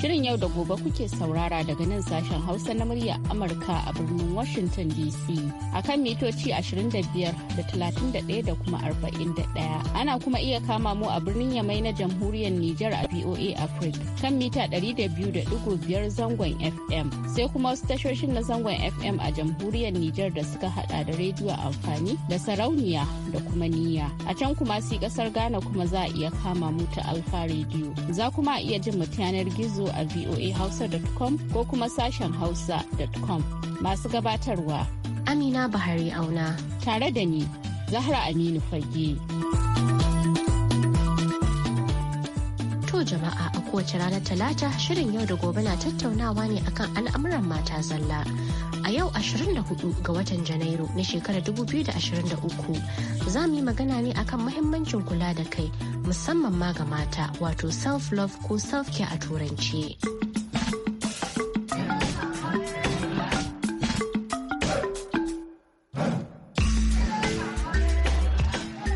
Shirin yau da gobe kuke saurara daga nan sashen Hausa na murya Amurka a birnin Washington DC a kan mitoci 25 da 31 da kuma 41. Ana kuma iya kama mu a birnin Yamai na Jamhuriyar Nijar a VOA Africa kan mita 200.5 zangon FM. Sai kuma wasu tashoshin na zangon FM a Jamhuriyar Nijar da suka hada da rediyo amfani da sarauniya da kuma niyya. A can kuma si kasar Ghana kuma za a iya kama mu ta Alfa rediyo. Za kuma iya jin mu yanar gizo a voahausa.com ko kuma sashen hausa.com. Masu gabatarwa Amina Bahari Auna. Tare da ni, Zahra Aminu Fage. To jama'a a kowace ranar Talata shirin yau da gobe na tattaunawa ne akan al'amuran mata zalla. a yau 24 ga watan janairu na shekarar 2023 za mu yi magana ne akan mahimmancin kula da kai musamman ma ga mata wato self-love ko self-care a turanci.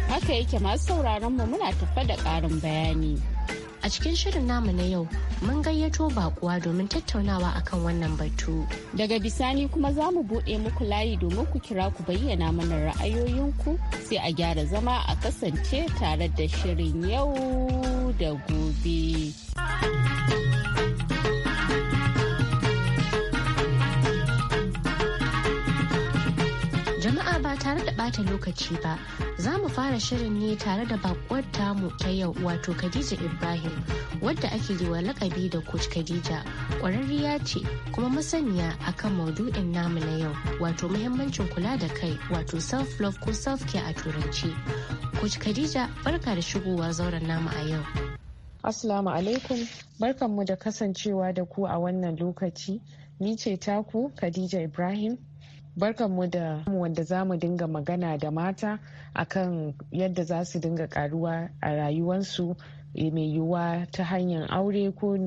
Haka yake masu sauraron mu muna tafa da ƙarin bayani. A cikin shirin namu na yau mun gayyato bakuwa domin tattaunawa akan wannan batu. Daga bisani kuma za mu buɗe muku layi domin ku kira ku bayyana mana ra'ayoyinku sai a gyara zama a kasance tare da shirin yau da gobe. tare da ɓata lokaci ba za mu fara shirin ne tare da bakwar tamu ta yau wato Khadija Ibrahim wadda ake yi wa lakabi da Coach Khadija ƙwararriya ce kuma masaniya akan maudu'in namu na yau wato muhimmancin kula da kai wato self love ko self care a turanci. Coach Khadija barka da shigowa zauren namu a yau. Assalamu alaikum barkanmu da kasancewa da ku a wannan lokaci. Ni ce taku Khadija Ibrahim barkanmu da wanda za mu dinga magana da mata akan yadda za su dinga karuwa a rayuwarsu eh, mai yiwuwa ta hanyar aure ko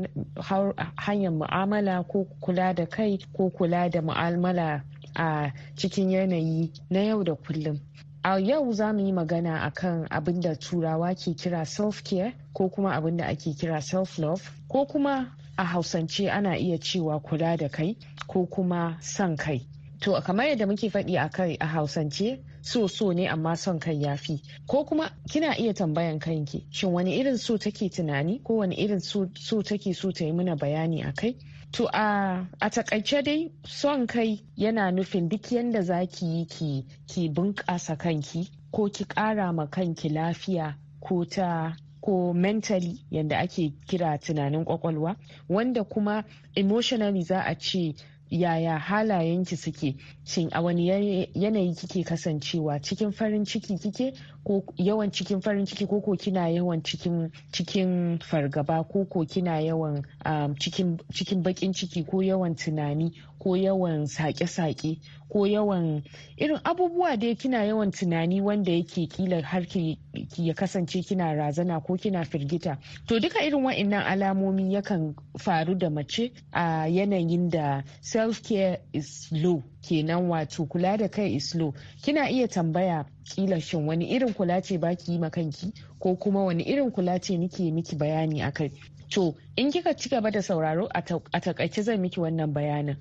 hanyar mu'amala ko kula da kai ko kula da mu'amala a cikin yanayi na yau da kullum a yau za mu yi magana akan abin da turawa ke kira self-care ko kuma abin da ake kira self-love ko kuma a hausance ana iya cewa kula da kai ko kuma son kai To kamar yadda muke faɗi a kai a Hausance so so ne amma son kai yafi ko kuma kina iya tambayan kanki shin wani irin so take tunani ko wani irin so take so ta yi mana bayani a kai. To a takaice dai son kai yana nufin duk yadda za ki yi ki ki bunƙasa kanki ko ki ƙara ma kanki lafiya ko ta ko mentally yadda ake kira tunanin kwakwalwa wanda kuma emotionally za a ce yaya halayenki suke shin a wani yanayi kike kasancewa cikin farin ciki kike ko yawan cikin farin ciki ko ko kina yawan cikin fargaba ko ko kina yawan um, cikin cikin bakin ciki ko yawan tunani ko yawan sake-sake ko yawan irin abubuwa dai kina yawan tunani wanda yake kila har ki ya kasance kina razana ko kina firgita to duka irin wa'annan alamomi yakan faru da mace a yanayin da self care is low kenan wato kula da kai is low kina iya tambaya kila shin wani irin kula ce baki yi ma kanki ko kuma wani irin kula ce nike miki bayani akai To in kika ci gaba da sauraro a takaice zan miki wannan bayanin.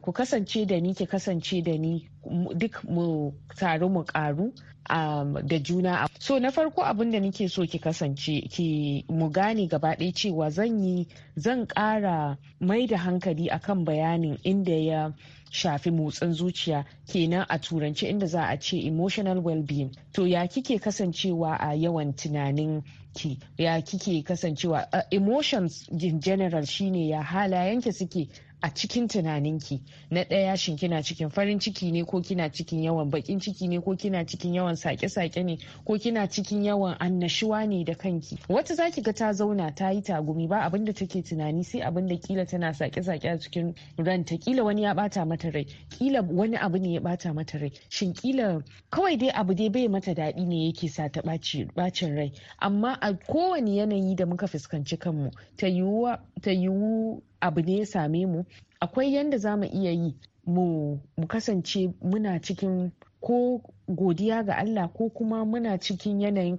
Ku kasance da ni ki kasance da ni duk mu taru mu karu da juna. So na farko abin da nike so ki kasance ki mu gane gaba ɗaya cewa zan yi zan ƙara mai da hankali akan bayanin inda ya shafi motsin zuciya kenan a turanci inda za a ce emotional well-being to ya kike kasancewa a yawan tunanin ki ya kike kasancewa uh, emotions in general shine ya ki suke a cikin tunaninki na ɗaya shin kina cikin farin ciki ne ko kina cikin yawan bakin ciki ne ko kina cikin yawan sake-sake ne ko kina cikin yawan annashuwa ne da kanki wata zaki ga ta zauna ta yi tagumi ba abin da take tunani sai abin da kila tana sake-sake a cikin ranta kila wani ya bata mata rai kila wani abu ne ya bata mata rai shin kila kawai dai abu dai bai mata daɗi ne yake sa ta bacin rai amma a kowane yanayi da muka fuskanci kanmu ta yiwu abu ne ya same mu akwai yanda za mu iya yi mu kasance muna cikin ko godiya ga Allah ko kuma muna cikin yanayin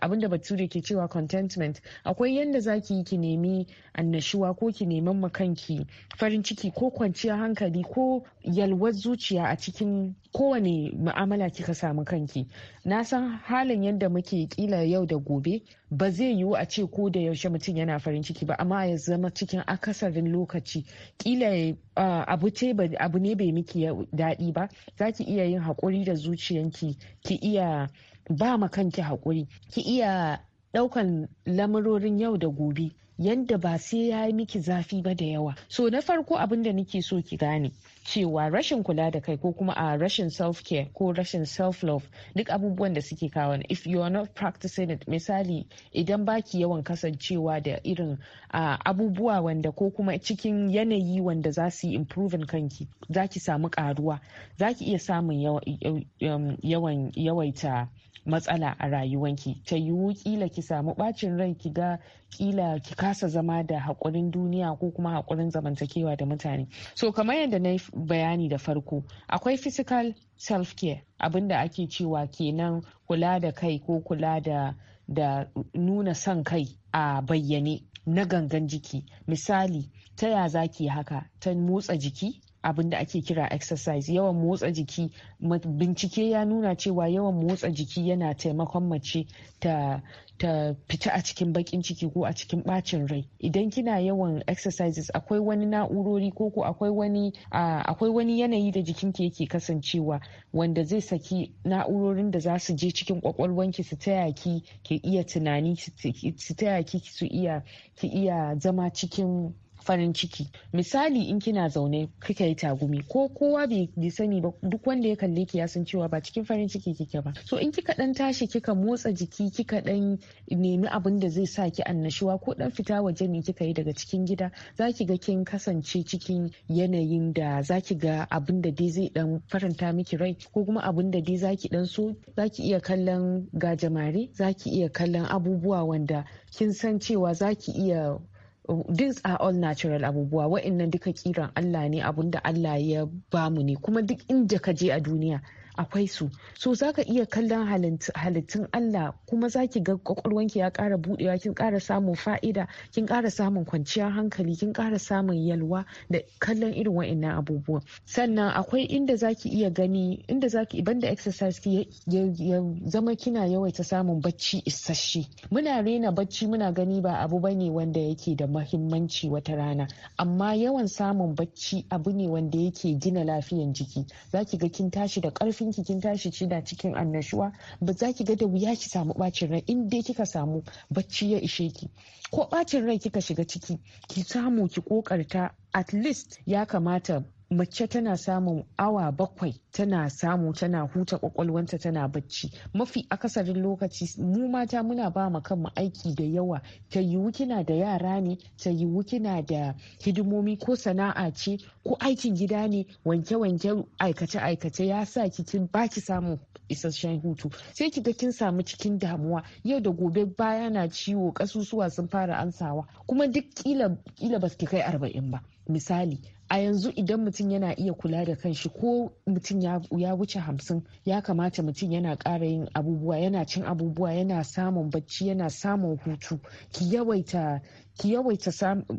abinda bature ke cewa contentment akwai yadda za ki yi ki nemi annashuwa ko ki neman makanki farin ciki ko kwanciyar hankali ko yalwar zuciya a cikin kowane ma'amala kika samu kanki na san halin yadda muke kila yau da gobe ba zai yiwu a ce ko da yaushe mutum yana farin ciki ba amma ya zama cikin akasarin lokaci kila abu ce abu ne bai miki daɗi ba za ki iya yin haƙuri da zuciyanki ki iya ba ma kanki haƙuri ki iya ɗaukan lamurorin yau da gobe yanda ba sai ya yi miki zafi ba da yawa so na farko abin da nake so ki gane cewa rashin kula da kai ko kuma a ah, rashin self care ko rashin self love duk abubuwan da suke kawo if you are not practicing it misali idan baki yawan kasancewa da irin uh, abubuwa wanda ko kuma cikin yanayi wanda za su yi improving kanki za ki samu karuwa za ki iya samun um, yawaita matsala a rayuwanki ta yiwu kila ki samu bacin rai ki ga kila ki kasa zama da haƙurin duniya ko kuma haƙurin zamantakewa da mutane so kamar yadda na bayani da farko akwai physical self care abinda ake cewa kenan kula da kai ko kula da da nuna son kai a bayyane na gangan jiki misali ta ya zaki ki haka ta motsa jiki abin da ake kira exercise yawan motsa jiki bincike ya nuna cewa yawan motsa jiki yana taimakon mace ta ta fita a cikin bakin ciki ko a cikin bacin rai idan kina yawan exercises akwai wani na'urori ko ko akwai wani akwai wani yanayi da jikinki yake kasancewa wanda zai saki na'urorin da za su je cikin kwakwalwanki su taya ki ki iya tunani su taya ki su iya ki iya zama cikin farin ciki misali in kina zaune kika yi tagumi ko kowa bai sani ba duk wanda ya kalle ki ya san cewa ba cikin farin ciki kike ba so in kika dan tashi kika motsa jiki kika dan nemi abin da zai sa ki annashuwa ko dan fita waje ne kika yi daga cikin gida zaki ga kin kasance cikin yanayin da zaki ga abin da dai zai dan faranta miki rai ko kuma abin da dai zaki dan so zaki iya kallon gajamare zaki iya kallon abubuwa wanda kin san cewa zaki iya dins are all natural abubuwa wa'annan duka kiran Allah ne abun da Allah ya bamu ne kuma duk inda ka je a duniya akwai su so za ka iya kallon halittun Allah kuma za ki ga kwakwalwanki ya kara buɗewa kin kara samun fa'ida kin kara samun kwanciyar hankali kin ƙara samun yalwa da kallon irin wa'annan abubuwa sannan akwai inda za ki iya gani inda za ki banda exercise ki ya zama kina yawaita samun bacci isasshe muna rena bacci muna gani ba abu bane wanda yake da mahimmanci wata rana amma yawan samun bacci abu ne wanda yake gina lafiyan jiki za ki ga kin tashi da ƙarfin ki kin tashi kina cikin annashuwa ba za ki ga da wuya ki samu bacin rai in dai kika samu bacci ya ishe ki ko bacin rai kika shiga ciki ki samu ki kokarta at least ya kamata mace tana samun awa bakwai tana samu tana huta kwakwalwanta tana bacci mafi akasarin lokaci mu mata muna ba ma kanmu aiki da yawa ta yiwu kina da yara ne ta yiwu kina da hidimomi ko sana'a ce ko aikin gida ne wanke wanke aikace aikace ya sa kikin baki samun isasshen hutu sai ki ga kin samu cikin damuwa yau da gobe baya na ciwo kasusuwa sun fara ansawa kuma duk kila kila ba kai arba'in ba misali a yanzu idan mutum yana iya kula da kanshi ko mutum ya wuce hamsin ya kamata mutum yana ƙara yin abubuwa yana cin abubuwa yana samun bacci yana samun hutu ki yawaita ki yawaita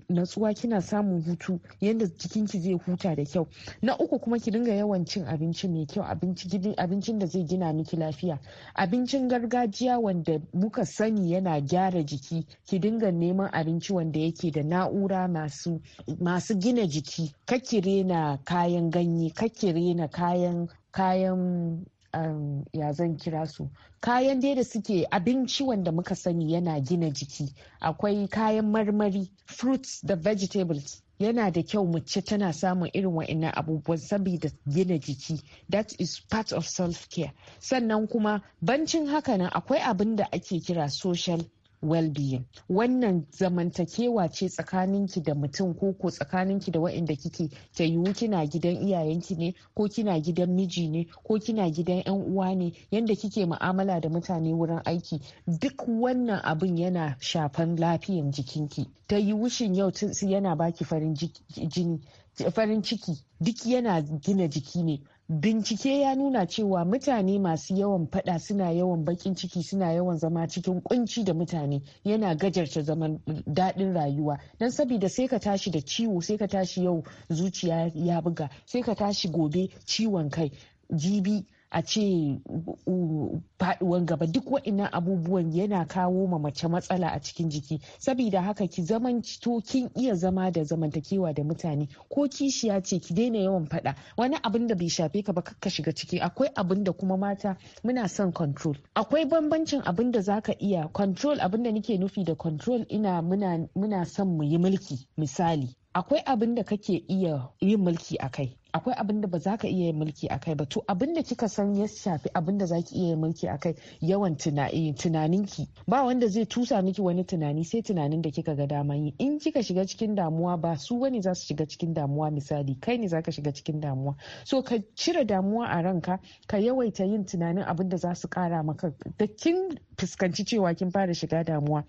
natsuwa kina samun hutu yadda jikinki zai huta da kyau na uku kuma ki dinga yawan cin abinci mai kyau abincin da zai gina miki lafiya abincin gargajiya wanda muka sani yana gyara jiki ki dinga neman abinci wanda yake da na'ura masu gina jiki kakire na kayan ganye kakire rena kayan kayan Um, ya zan kira su kayan dai da suke abinci wanda muka sani yana gina jiki akwai kayan marmari fruits da vegetables yana da kyau mu mace tana samun irin wa'annan abubuwan saboda gina jiki that is part of self care sannan kuma bancin haka nan akwai abin da ake kira social well-being wannan zamantakewa ce tsakaninki da mutum ko ko tsakaninki da waɗanda kike ta yiwu kina gidan iyayenki ne ko kina gidan miji ne ko kina gidan yan uwa ne yanda kike ma'amala da mutane wurin aiki duk wannan abin yana shafan lafiyan jikinki ta yiwu shin yau yana baki farin farin ciki duk yana gina jiki ne bincike ya nuna cewa mutane masu yawan fada suna yawan bakin ciki suna yawan zama cikin kunci da mutane yana gajarta zaman daɗin rayuwa don sabida sai ka tashi da ciwo sai ka tashi yau zuciya ya buga sai ka tashi gobe ciwon kai jibi a ce faduwan gaba duk wa'innan abubuwan yana kawo ma mace matsala a cikin jiki saboda haka ki zaman to kin iya zama da zamantakewa da mutane ko kishiya ce ki daina yawan faɗa wani abin da bai shafe ka ba ka shiga ciki akwai abin da kuma mata muna son control akwai bambancin abin da za ka iya control abin da nake nufi da control ina muna son mu yi mulki misali akwai abin da kake iya yin mulki a kai akwai abin da ba za ka iya yin mulki a kai ba to abin da kika san ya shafi abin da za ki iya yin mulki a kai yawan eh, tunaninki ba wanda zai tusa miki wani tunani sai tunanin da kika ga dama yi in kika shiga cikin damuwa ba su wani za su shiga cikin damuwa misali kai ne za ka shiga cikin damuwa so ka cire damuwa a ranka ka yawaita yin tunanin abin da za su kara maka da kin fuskanci cewa kin fara shiga damuwa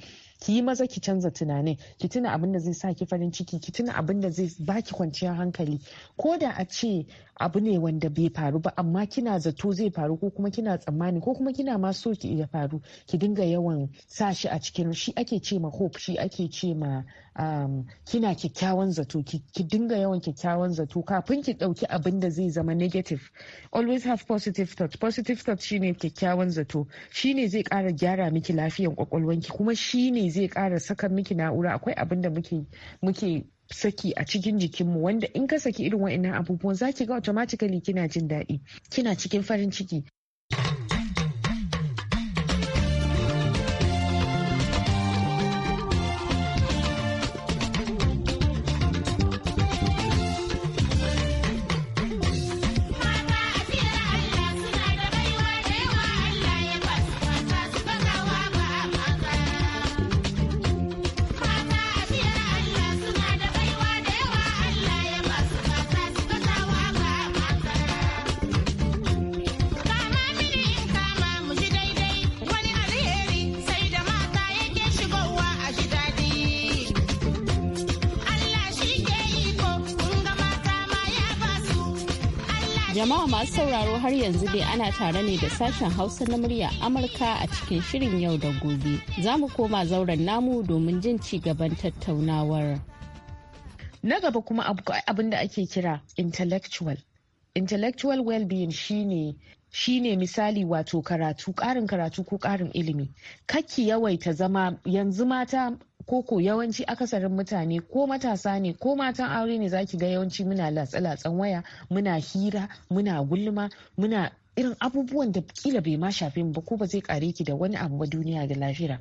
ki yi maza ki canza tunanin ki tuna abin da zai sa ki farin ciki ki tuna abin da zai baki kwanciyar hankali ko da a ce abu ne wanda bai faru ba amma kina zato zai faru ko kuma kina tsammani ko kuma kina ma so ki ya faru ki dinga yawan sa shi a cikin shi ake ce ma hope shi ake ce ma um, kina kyakkyawan zato ki dinga yawan kyakkyawan zato kafin ki dauki abin da zai zama negative always have positive thoughts positive thought shine kyakkyawan zato shine zai kara gyara miki lafiyan kwakwalwanki kuma shine zai kara saka miki na'ura akwai abin da muke muke saki a cikin jikinmu wanda in ka saki irin wa'annan abubuwan za ki ga automatically kina jin daɗi kina cikin farin ciki Jama'a masu sauraro har yanzu dai ana tare ne da sashen Hausa na murya Amurka a cikin shirin yau da gobe. Za mu koma zauren namu domin jin ci gaban tattaunawar. Na gaba kuma abin da ake kira intellectual. Intellectual well-being shine shine misali wato karatu ƙarin karatu ko ƙarin ilimi. Kaki yawaita zama yanzu mata koko yawanci akasarin mutane ko matasa ne ko matan aure ne zaki ga yawanci muna latsa-latsan waya muna hira muna gulma muna irin abubuwan da kila bai ma shafe mu ba ko ba zai kare ki da wani abu ba duniya da lafiya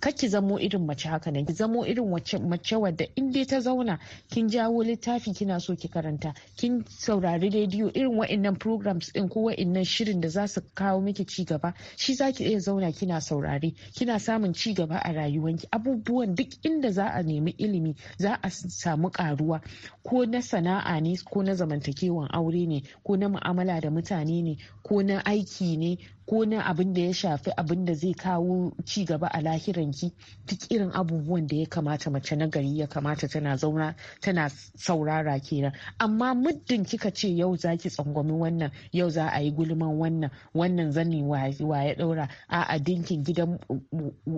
kar ki zamo irin mace haka nan ki zamo irin mace wadda in dai ta zauna kin jawo littafi kina so ki karanta kin saurari rediyo irin wa'annan programs din ko wa'annan shirin da za su kawo miki ci gaba shi za ki iya zauna kina saurari? kina samun ci gaba a rayuwanki abubuwan duk inda za a nemi ilimi za a samu karuwa ko na sana'a ne ko na zamantakewan aure ne ko na mu'amala da mutane ne ko na aiki ne ko na abin da ya shafi abin da zai kawo ci gaba a lahiranki duk irin abubuwan da ya kamata mace na gari ya kamata tana zauna tana saurara kenan amma muddin kika ce yau za ki tsangwami wannan yau za a yi gulman wannan wannan zani wa ya daura a a dinkin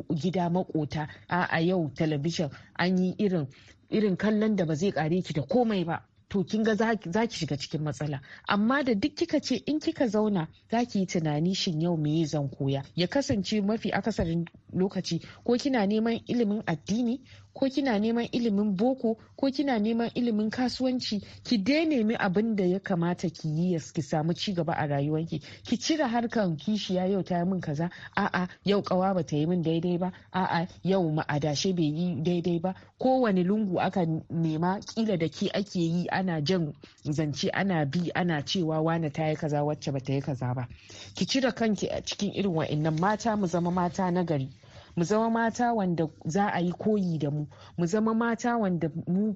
gida makota a a yau talabijin an yi irin irin kallon da ba zai kare ki da komai ba to kin ga za ki shiga cikin matsala amma da duk kika ce in kika zauna za ki yi tunani shin yau me zan koya ya kasance mafi akasarin lokaci ko kina neman ilimin addini ko kina neman ilimin boko ko kina neman ilimin kasuwanci ki dai nemi abin da ya kamata ki yi ya ki samu ci gaba a rayuwarki. ki cire harkan kishiya yau ta yi min kaza a'a yau kawa ba ta yi min daidai ba a'a yau ma'adashe bai yi daidai ba Ko wani lungu aka nema kila da ke ake yi ana jan zance ana bi ana cewa wane ta yi kaza wacce ba ta yi kaza ba ki cire kanki a cikin irin wa'annan mata mu zama mata na gari mu zama mata wanda za a yi koyi da mu mu zama mata wanda mu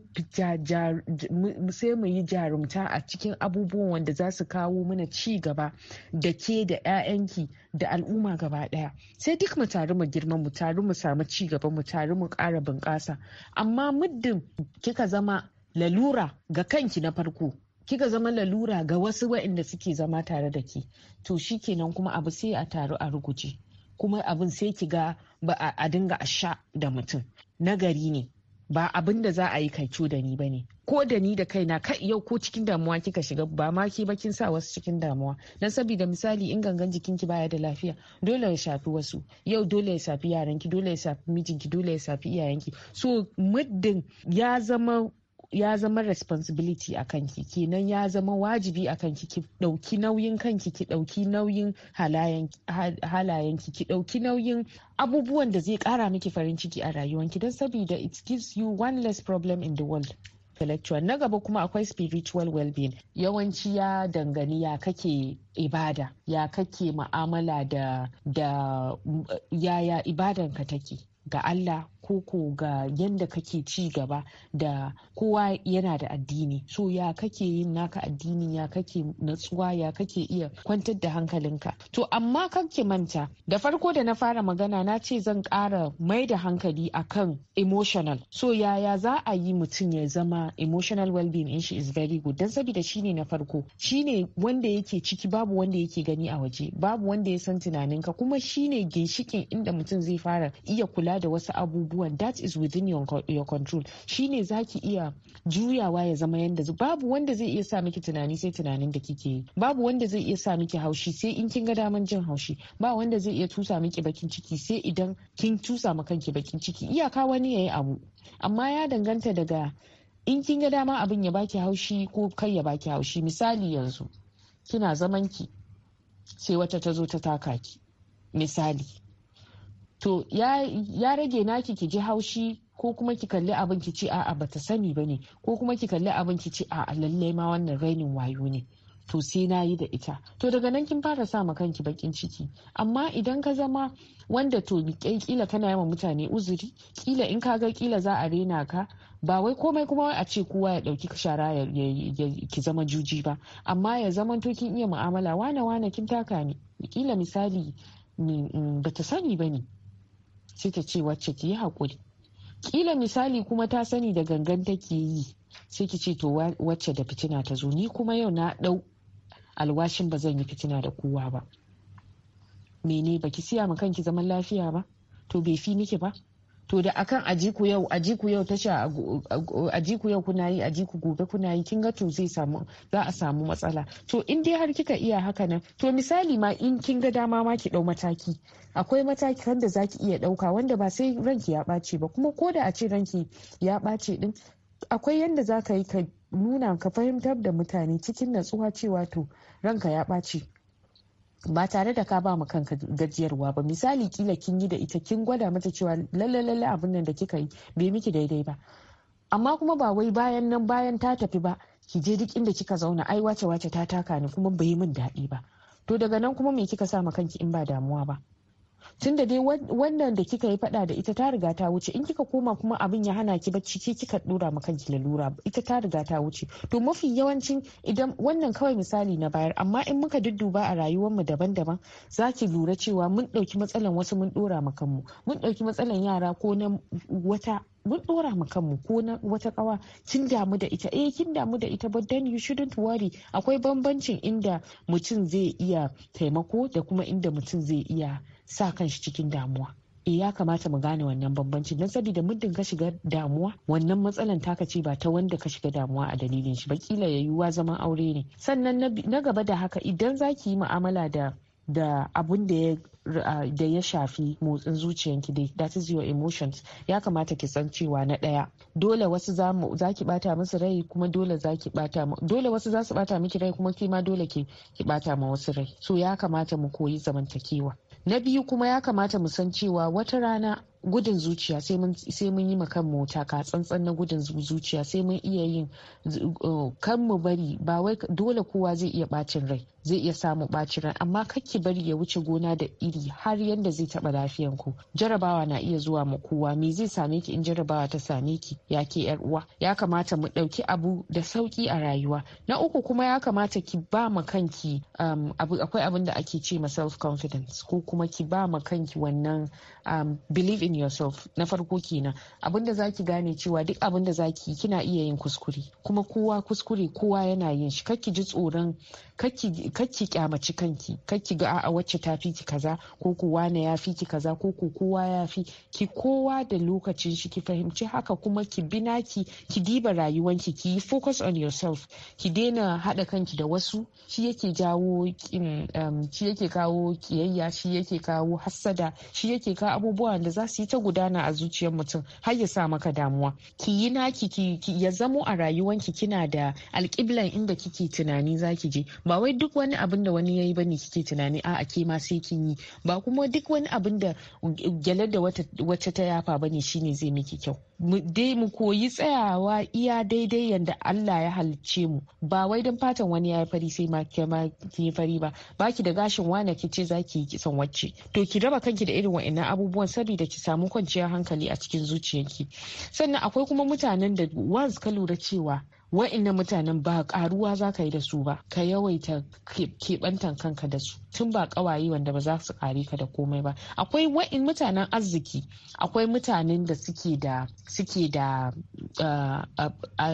sai mu yi jarumta a cikin abubuwan wanda za su kawo mana ci gaba da ke da 'ya'yanki da al'umma gaba daya sai duk mu taru mu girma mu taru mu samu ci gaba mu taru mu ƙara bunƙasa amma muddin kika zama lalura ga kanki na farko kika zama lalura ga wasu waɗanda suke zama tare da ke to shikenan kuma abu sai a taru a ruguje kuma abin sai ki ga ba a dinga a sha da mutum nagari ne ba abin da za a yi kai da ni ba ne. ko da ni da kai kaina kai yau ko cikin damuwa kika shiga ba ma ki ba kin sa wasu cikin damuwa dan saboda misali in gangan jikinki baya da lafiya dole ya shafi wasu yau dole ya shafi yaranki dole ya shafi mijinki dole ya shafi iyayenki so muddin ya zama ya zama responsibility a kanki kenan ya zama wajibi a kanki ki ɗauki nauyin kanki ki ɗauki nauyin halayen ki ɗauki nauyin abubuwan da zai kara miki farin ciki a rayuwanki don saboda it gives you one less problem in the world intellectual na gaba kuma akwai spiritual well-being yawanci ya dangane ya kake ibada ya kake ma'amala da da yaya ibadanka take ga Allah koko ga yadda kake ci gaba da kowa yana da addini so ya kake yin naka addini ya kake natsuwa ya kake iya kwantar da hankalinka to amma kake manta da farko da na fara magana na ce zan kara mai da hankali akan emotional so yaya za a yi mutum ya zama emotional well-being in shi is very good don saboda shine na farko shine wanda yake ciki babu wanda yake gani a waje babu wanda ya san tunaninka kuma shine ginshikin inda mutum zai fara iya kula da wasu abubuwa abubuwan that is within your, your control shine zaki iya juyawa ya zama yanda babu wanda zai iya sa miki tunani sai tunanin da kike yi babu wanda zai iya sa miki haushi sai in kin ga daman jin haushi ba wanda zai iya tusa miki bakin ciki sai idan kin tusa ma kanki bakin ciki iyaka wani yayi abu amma ya danganta daga in kin ga dama abin ya baki haushi ko kai ya baki haushi misali yanzu kina zaman ki sai wata ta zo ta taka ki misali to ya rage naki ki ji haushi ko kuma ki kalli abin ki ci a'a bata sani ba ne ko kuma ki kalli abin ki ci a'a lallai ma wannan rainin wayo ne to sai na yi da ita to daga nan kin fara sa kanki bakin ciki amma idan ka zama wanda to kila kana yawan mutane uzuri kila in ka ga kila za a rena ka ba wai komai kuma a ce kowa ya dauki shara ya ki zama juji ba amma ya zama to kin iya mu'amala wane wane kin taka ni kila misali mm, bata sani ba ne sai ta ce wacce ki yi haƙuri kila misali kuma ta sani da gangan take yi sai ki ce to wacce da fitina ta zo ni kuma yau na ɗau alwashin ba zan yi fitina da kowa ba mene baki siya ma kanki zaman lafiya ba to bai fi miki ba to da akan ajiku yau ajiku yau tasha ajiku yau kuna yi ajiku gobe kuna yi kin ga to zai samu za a samu matsala to in dai har kika iya haka nan to misali ma in kin ga dama ma ki dau mataki akwai mataki wanda zaki iya dauka wanda ba sai ranki ya bace ba kuma ko da a ce ranki ya bace din akwai yanda zaka yi ka nuna ka fahimtar da mutane cikin natsuwa cewa to ranka ya ɓace ba tare da ka ba mu kanka gajiyarwa ba misali kila kin yi da ita kin gwada mata cewa lalle lalle abin nan da kika yi bai miki daidai ba amma kuma ba wai bayan nan bayan ta tafi ba ki je duk inda kika zauna ai wace wace ta taka ni kuma bai min daɗi ba to daga nan kuma me kika sa ma kanki in ba damuwa ba tun da dai wannan da kika yi fada da ita ta riga ta wuce in kika koma kuma abin ya hana ki bacci ke kika dora maka ki lalura ita ta riga ta wuce to mafi yawancin idan wannan kawai misali na bayar amma in muka dudduba a rayuwar mu daban-daban za ki lura cewa mun dauki matsalan wasu mun dora ma kanmu mun dauki matsalan yara ko na wata mun dora mu kanmu ko na wata kawa kin damu da ita eh kin damu da ita but then you shouldn't worry akwai bambancin inda mutum zai iya taimako da kuma inda mutum zai iya sa kan shi cikin damuwa e ya kamata mu gane wannan bambancin don sabida muddin ka shiga damuwa wannan matsalan taka ce ba ta wanda ka shiga damuwa a dalilin shi ba kila ya yiwuwa zaman aure ne sannan na gaba da haka idan za ki yi mu'amala da da abun da ya da ya shafi motsin zuciyanki dai that is your emotions ya kamata ki san cewa na daya dole wasu za ki bata musu rai kuma dole za bata dole wasu za su bata miki rai kuma kima dole ki ki bata ma wasu rai so ya kamata mu koyi zamantakewa na biyu kuma ya kamata mu san cewa wata rana gudun zuciya sai mun yi ma kanmu taka tsantsan na gudun zuciya sai mun iya yin uh, kanmu bari ba wai dole kowa zai iya bacin rai zai iya samu bacin rai amma kakki bari ya wuce gona da iri har yanda zai taba lafiyan ku jarabawa na iya zuwa mu kowa me zai same ki in jarabawa ta same ki ya ke yar uwa ya kamata mu dauki abu da sauki a rayuwa na uku kuma ya kamata ki ba ma kanki um, akwai abin da ake ce ma self confidence ko kuma ki ba ma kanki wannan um, believe in yourself na farko kenan abinda zaki gane cewa duk da zaki kina iya yin kuskure kuma kowa kuskure kowa yana yin shi kakki ji tsoron kakki kyamaci kanki kakki ga a wacce ta fi ki kaza ko kowa na ya fi ki kaza ko kowa ya fi ki kowa da lokacin shi ki fahimci haka kuma ki bi naki ki diba rayuwanki ki yi focus on yourself ki daina hada kanki da wasu shi yake jawo um, shi yake kawo kiyayya shi yake kawo hassada shi yake kawo abubuwan da za su yi ta gudana a zuciyar mutum har ya sa maka damuwa ki yi naki ki ya zamo a rayuwanki kina da alƙiblan inda kike tunani za ki je ba wai duk wani abin da wani ya yayi bane kike tunani a'a ke ma sai kin yi ba kuma duk wani abin da gyalar da wata ta yafa bane shine zai miki kyau dai mu koyi tsayawa iya daidai yadda Allah ya halicce mu ba wai don fatan wani ya yi fari sai ma ki fari ba ba ki da gashin wane ki ce ki yi kitson wacce to ki raba kanki da irin wa'annan abubuwan saboda ki samu kwanciyar hankali a cikin zuciyarki sannan akwai kuma mutanen da once ka lura cewa wa'annan mutanen ba karuwa za ka yi da su ba ka yawaita keɓantan kanka da su tun ba kawaye wanda ba za su kare ka da komai ba akwai wa'in mutanen arziki akwai mutanen da suke da suke da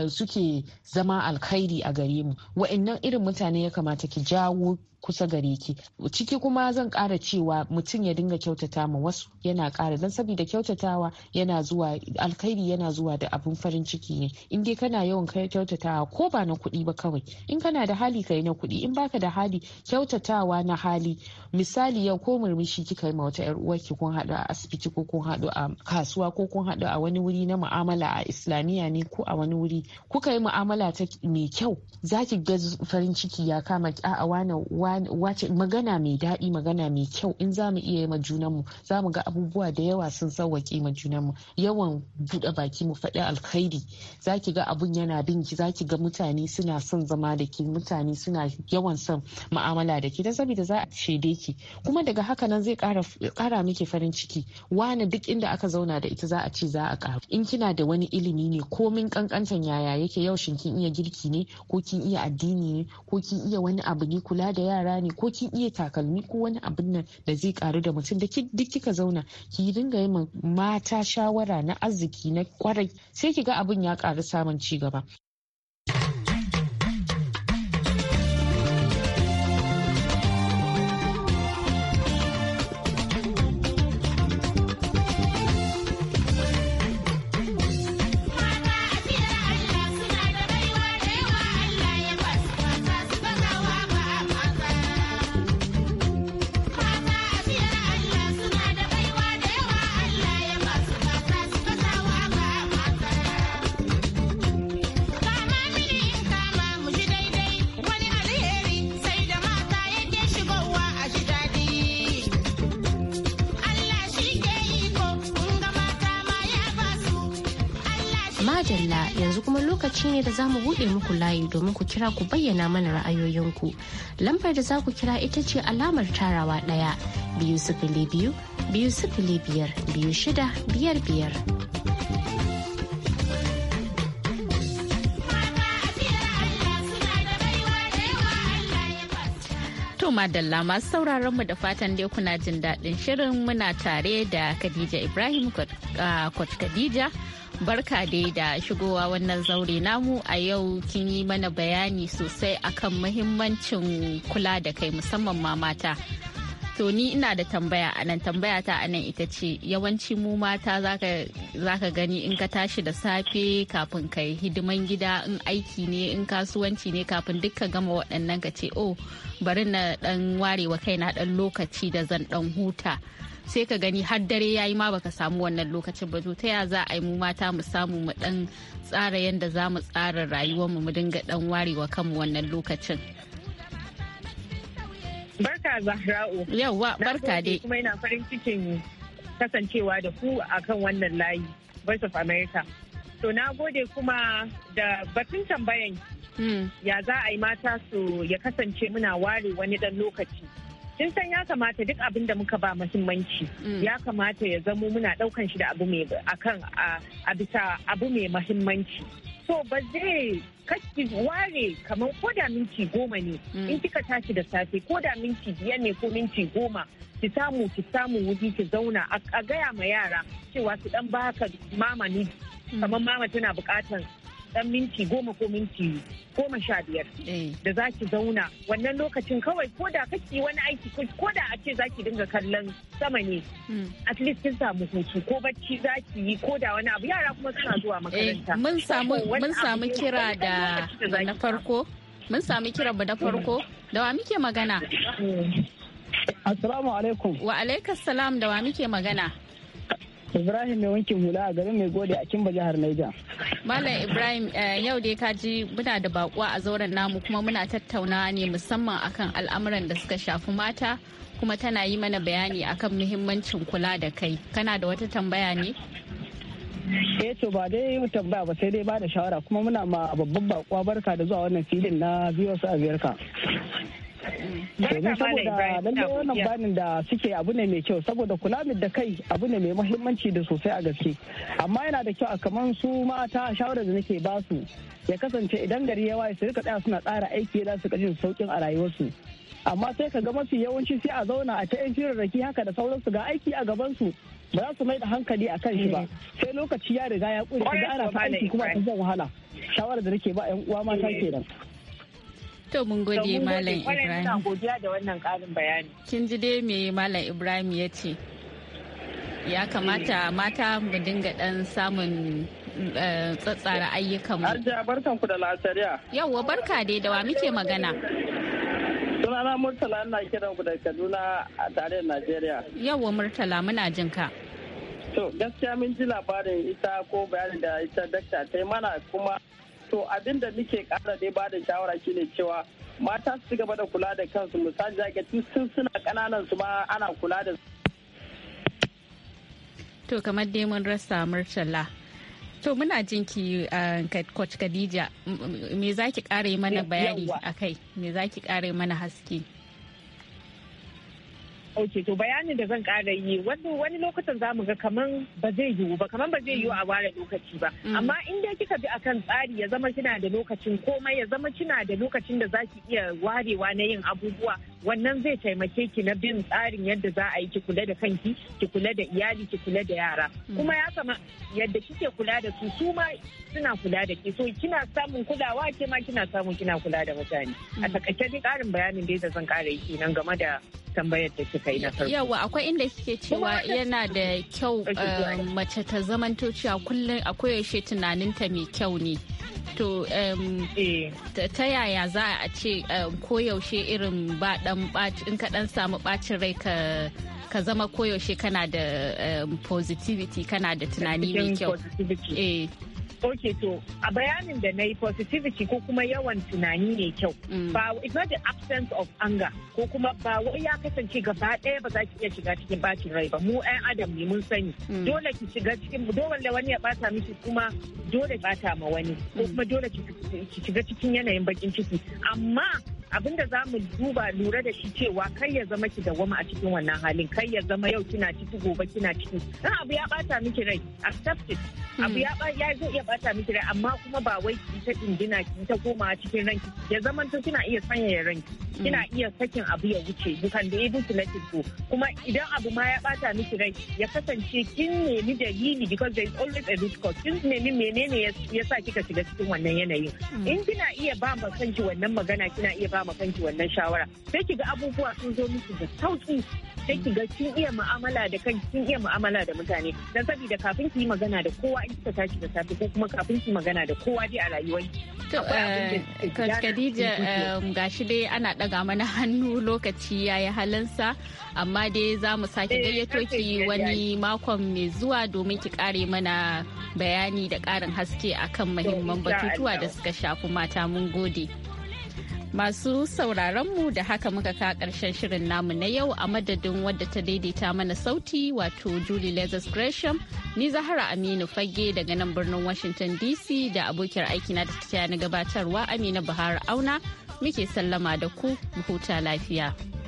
suke zama alkhairi a gare mu wa'annan irin mutane ya kamata ki jawo kusa gari ki ciki kuma zan kara cewa mutum ya dinga kyautata ma wasu yana kara dan saboda kyautatawa yana zuwa alkhairi yana zuwa da abun farin ciki ne in dai kana yawan kyautatawa ko ba na kuɗi ba kawai in kana da hali kai na kuɗi in baka da hali kyautatawa na hali misali yau ko murmushi kika yi ma wata yar uwarki kun haɗu a asibiti ko kun haɗu a kasuwa ko kun haɗu a wani wuri na mu'amala a islamiyya ne ko a wani wuri kuka yi mu'amala ta mai kyau zaki ga farin ciki ya kama a'a wani wace magana mai daɗi magana mai kyau in za mu iya yi ma junanmu za mu ga abubuwa da yawa sun sauwaƙe ma junanmu yawan buɗe baki mu faɗi alkhairi za ki ga abun yana bin ki za ki ga mutane suna son zama da ki mutane suna yawan son ma'amala da ki don saboda za a shaide ki kuma daga haka nan zai ƙara miki farin ciki wani duk inda aka zauna da ita za a ce za a ƙaru in kina da wani ilimi ne ko min ƙanƙantan yaya yake yau shin kin iya girki ne ko kin iya addini ne ko kin iya wani abu ne kula da yara yara ne ko kin iya takalmi ko wani abin nan da zai karu da mutum da duk kika zauna ki dinga yi mata shawara na arziki na kwarai sai ki ga abin ya karu samun ci gaba madalla yanzu kuma lokaci ne da za mu buɗe muku layi domin ku kira ku bayyana mana ra'ayoyinku. Lambar da za ku kira ita ce alamar tarawa ɗaya biyu sifili biyu biyu sifili biyar biyu shida biyar biyar. To madalla masu sauraron mu da fatan dai kuna jin daɗin shirin muna tare da Khadija Ibrahim Kot ah, barka dai da shigowa wannan zaure namu a yau kin yi mana bayani sosai akan mahimmancin kula da kai musamman ma mata to ni ina da tambaya a nan tambaya ta nan ita ce yawanci mu mata za ka gani in ka tashi da safe kafin kai hidiman gida in aiki ne in kasuwanci ne kafin dukka gama waɗannan ka ce oh bari na ɗan warewa kaina ɗan lokaci da zan ɗan huta sai ka gani har dare ya yi ma baka samu wannan lokacin ba to ta ya za a yi mu mata mu samu mu dan tsara yadda za mu tsara rayuwar mu dinga dan warewa kanmu wannan lokacin barka zahra'u yawa barka dai kuma ina farin cikin kasancewa da ku akan wannan layi voice of america to na gode kuma da batun tambayan hmm. ya za a yi mata su ya kasance muna ware wani dan lokaci kin san ya kamata duk abin da muka ba muhimmanci mm. ya kamata ya zamo muna daukan shi da abu mai akan a bisa abu mai muhimmanci so ba zai kashi ware kamar ko da minti goma ne mm. in kika tashi da safe ko da minti biyar ne ko minti goma ki samu ki samu wuji ki zauna a gaya ma yara cewa su dan baka mama ni mm. kamar mama tana bukatan dan minti goma ko minti goma sha biyar eh. da za ki zauna wannan lokacin kawai ko da kake wani aiki ko da a ce za ki dinga kallon sama ne hmm. at least kin samu hutu ko bacci za ki yi ko da wani abu yara kuma suna zuwa eh, makaranta mun samu mun samu kira da na farko mun samu kira da farko da wa muke magana eh. assalamu alaikum wa alaikas da wa muke magana Ibrahim mai wankin hula a garin mai gode a Kimba jihar Niger. Malam Ibrahim eh, yau dai ka ji muna da bakuwa a zauren namu kuma muna tattaunawa ne musamman akan al'amuran da suka shafi mata kuma tana yi mana bayani akan muhimmancin kula da kai. Kana da wata tambaya ne? eh to ba dai tambaya ba sai dai ba da shawara kuma muna ma babban bakwa barka da zuwa wannan filin na biyu su a domin saboda lalle wannan banin da suke abu ne mai kyau saboda kula da kai abu ne mai mahimmanci da sosai a gaske amma yana da kyau a kaman su mata shawarar da nake ba su ya kasance idan gari ya waye su rika tsaya suna tsara aiki za su kashin saukin a rayuwarsu amma sai ka ga mafi yawanci sai a zauna a ta yan firarraki haka da sauransu ga aiki a gabansu ba za su mai da hankali a kan shi ba sai lokaci ya riga ya kuri ga ana ta aiki kuma ta zan wahala shawarar da nake ba 'yan uwa mata kenan. To mun gode Malam Ibrahim. Ina godiya da wannan ƙarin bayani. Kin ji dai me Malam Ibrahim ya ce. Ya kamata eh. mata mu dinga dan samun eh, tsatsara ayyukan mu. Arja barkan ku da lasariya. Yawwa barka dai da wa muke magana. Sunana Murtala ina kiran ku da Kaduna a tarayyar Najeriya. Yawwa Murtala muna jin ka. To gaskiya mun ji labarin ita ko bayanin da ita dakta ta yi mana kuma to abin da nake kara dai ba da shawara shine cewa mata su gaba da kula da kansu misali ka tun suna kananan su ma ana kula da to kamar dai mun rasa murtala to muna jinki eh, coach khadija me zaki kare mana eh, bayani akai me zaki kare mana haske Ok, to bayanin da zan kara yi wani wani lokacin za mu ga kaman ba zai yiwu ba kamar ba zai yiwu a ware lokaci ba. Mm. Amma in dai kika bi akan tsari ya zama kina da lokacin komai ya zama kina da lokacin da za ki iya warewa na yin abubuwa wannan zai taimake ki na bin tsarin yadda za a yi ki kula da kanki ki kula da iyali ki kula da yara mm. kuma ya kama yadda kike kula da su su ma suna kula da ki so kina samun kulawa ke ma kina samun kina kula da mutane a mm. takaice dai karin bayanin dai da zan kara yi kenan game da tambayar da kika kai farko. yawa akwai inda kike cewa yana da kyau eh, mace ta zamanto cewa kullum akwai yaushe ta mai kyau ne to eh. ta yaya za a ce koyaushe irin ba in ka dan samu bacin rai ka ka zama koyaushe kana da positivity kana da tunani mai kyau. ok to a bayanin da na yi positivity ko kuma yawan tunani ne kyau mm. ba it's not the absence of anger ko kuma ba wai ya kasance gaba ɗaya ba za ki iya shiga cikin bacin rai ba mu ɗan adam ne mun sani mm. dole ki shiga cikin mu dole wani ya bata miki kuma dole bata ma wani ko mm. kuma dole ki shiga cikin yanayin bakin ciki amma abin da za mu duba lura da shi cewa kai ya zama ki da wama a cikin wannan halin kai ya zama yau kina ciki gobe kina ciki dan abu ya bata miki rai accept it hmm. abu ya ba ya zo ya bata miki rai amma kuma ba wai ki ta dingina ki ta koma cikin ranki ya zaman to kina iya sanya ranki hmm. kina iya sakin abu ya wuce you can be able to let it kuma idan abu ma ya bata miki rai ya kasance kin nemi dalili because there is always a root cause kin nemi menene ya sa kika shiga cikin wannan yanayin hmm. in kina iya ba ma kanki wannan magana kina iya ba ma kanki wannan shawara sai ki ga abubuwa sun zo miki da sauki sai ki ga kin iya mu'amala da kan kin iya mu'amala da mutane dan saboda kafin ki yi magana da kowa in kika tashi da safe ko kuma kafin ki magana da kowa dai a rayuwar to eh, coach Khadija um, gashi dai ana daga mana hannu lokaci yayi halinsa amma dai za mu sake eh, gayyato ki wani makon mai zuwa domin ki kare mana bayani da karin haske akan muhimman batutuwa da suka shafi mata mun gode. Masu sauraronmu da haka muka ka ƙarshen shirin namu na yau a madadin wadda ta daidaita mana sauti wato Julie Lazarus Gresham ni Zahara Aminu Fage daga nan birnin Washington DC da abokiyar aikina da ta na gabatarwa Amina Buhari Auna muke sallama da ku huta lafiya.